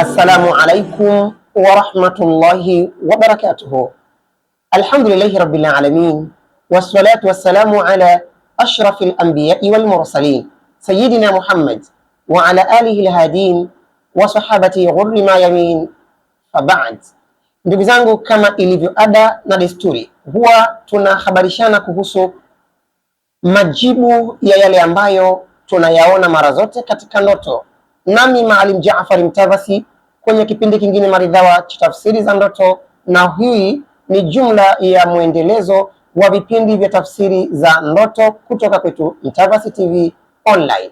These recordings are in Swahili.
السلام عليكم ورحمة الله وبركاته الحمد لله رب العالمين والصلاة والسلام على أشرف الأنبياء والمرسلين سيدنا محمد وعلى آله الهادين وصحابته غر ما يمين فبعد Ndugu zangu, kama ilivyo ada na desturi, huwa tunahabarishana kuhusu majibu ya yale ambayo tunayaona mara zote katika ndoto. Nami Maalim Jaafar Mtavassy kwenye kipindi kingine maridhawa cha tafsiri za ndoto, na hii ni jumla ya mwendelezo wa vipindi vya tafsiri za ndoto kutoka kwetu Mtavassy TV online.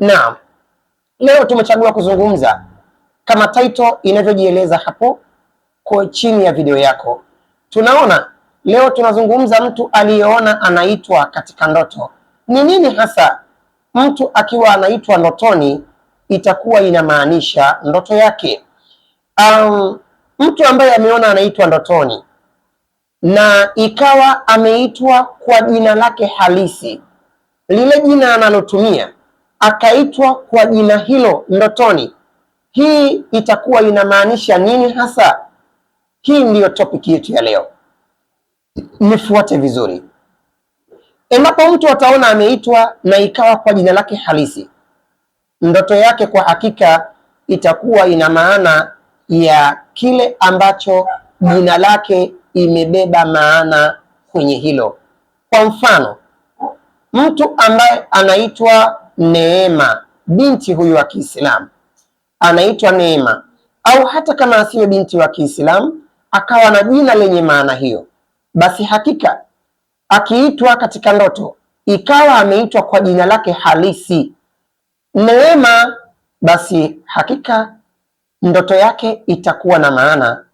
Na leo tumechagua kuzungumza kama title inavyojieleza hapo kwa chini ya video yako, tunaona Leo tunazungumza mtu aliyeona anaitwa katika ndoto. Ni nini hasa mtu akiwa anaitwa ndotoni itakuwa inamaanisha ndoto yake? Um, mtu ambaye ameona anaitwa ndotoni na ikawa ameitwa kwa jina lake halisi, lile jina analotumia akaitwa kwa jina hilo ndotoni, hii itakuwa inamaanisha nini hasa? Hii ndiyo topic yetu ya leo nifuate vizuri. Endapo mtu ataona ameitwa na ikawa kwa jina lake halisi, ndoto yake kwa hakika itakuwa ina maana ya kile ambacho jina lake imebeba maana kwenye hilo. Kwa mfano, mtu ambaye anaitwa Neema, binti huyu wa Kiislamu anaitwa Neema, au hata kama asiwe binti wa Kiislamu akawa na jina lenye maana hiyo basi hakika akiitwa katika ndoto ikawa ameitwa kwa jina lake halisi Neema, basi hakika ndoto yake itakuwa na maana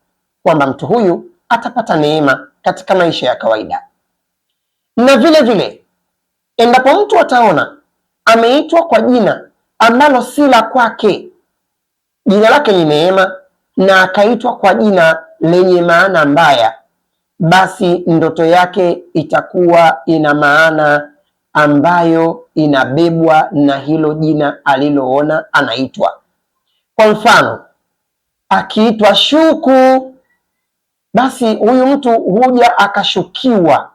kwamba mtu huyu atapata neema katika maisha ya kawaida. Na vile vile, endapo mtu ataona ameitwa kwa jina ambalo si la kwake, jina lake ni Neema, na akaitwa kwa jina lenye maana mbaya basi ndoto yake itakuwa ina maana ambayo inabebwa na hilo jina aliloona anaitwa. Kwa mfano, akiitwa Shuku, basi huyu mtu huja akashukiwa,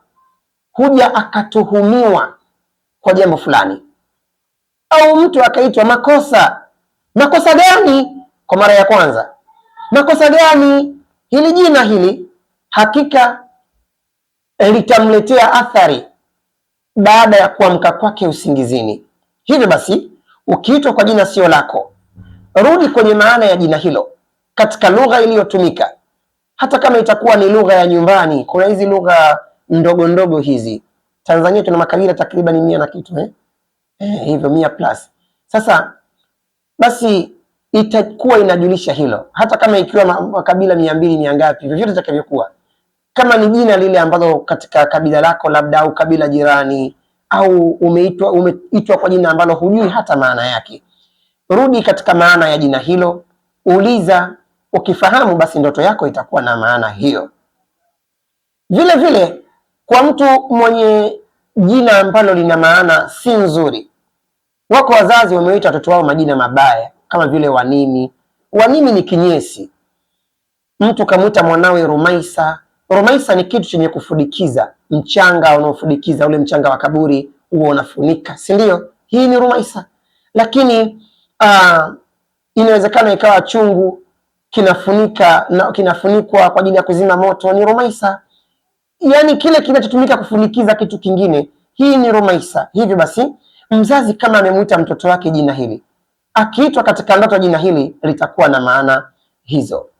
huja akatuhumiwa kwa jambo fulani. Au mtu akaitwa Makosa. Makosa gani? Kwa mara ya kwanza, makosa gani? Hili jina hili hakika litamletea athari baada ya kuamka kwake usingizini. Hivyo basi, ukiitwa kwa jina sio lako, rudi kwenye maana ya jina hilo katika lugha iliyotumika, hata kama itakuwa ni lugha ya nyumbani. Kuna hizi lugha ndogo ndogo hizi, Tanzania tuna makabila takriban mia na kitu eh? Eh, hivyo mia plus. Sasa basi itakuwa inajulisha hilo, hata kama ikiwa makabila mia mbili mia ngapi, vyovyote itakavyokuwa kama ni jina lile ambalo katika kabila lako labda au kabila jirani au umeitwa umeitwa kwa jina ambalo hujui hata maana yake, rudi katika maana ya jina hilo, uliza. Ukifahamu basi ndoto yako itakuwa na maana hiyo. Vile vile kwa mtu mwenye jina ambalo lina maana si nzuri, wako wazazi wameita watoto wao majina mabaya kama vile Wanini. Wanini ni kinyesi. Mtu kamwita mwanawe Rumaisa Foromaisa ni kitu chenye kufudikiza, mchanga unaofudikiza ule mchanga wa kaburi huo unafunika, si ndio? Hii ni rumaisa, lakini uh, inawezekana ikawa chungu kinafunika na kinafunikwa kwa ajili ya kuzima moto, ni rumaisa. Yaani kile kinachotumika kufunikiza kitu kingine, hii ni rumaisa. Hivyo basi, mzazi kama amemwita mtoto wake jina hili, akiitwa katika ndoto jina hili litakuwa na maana hizo.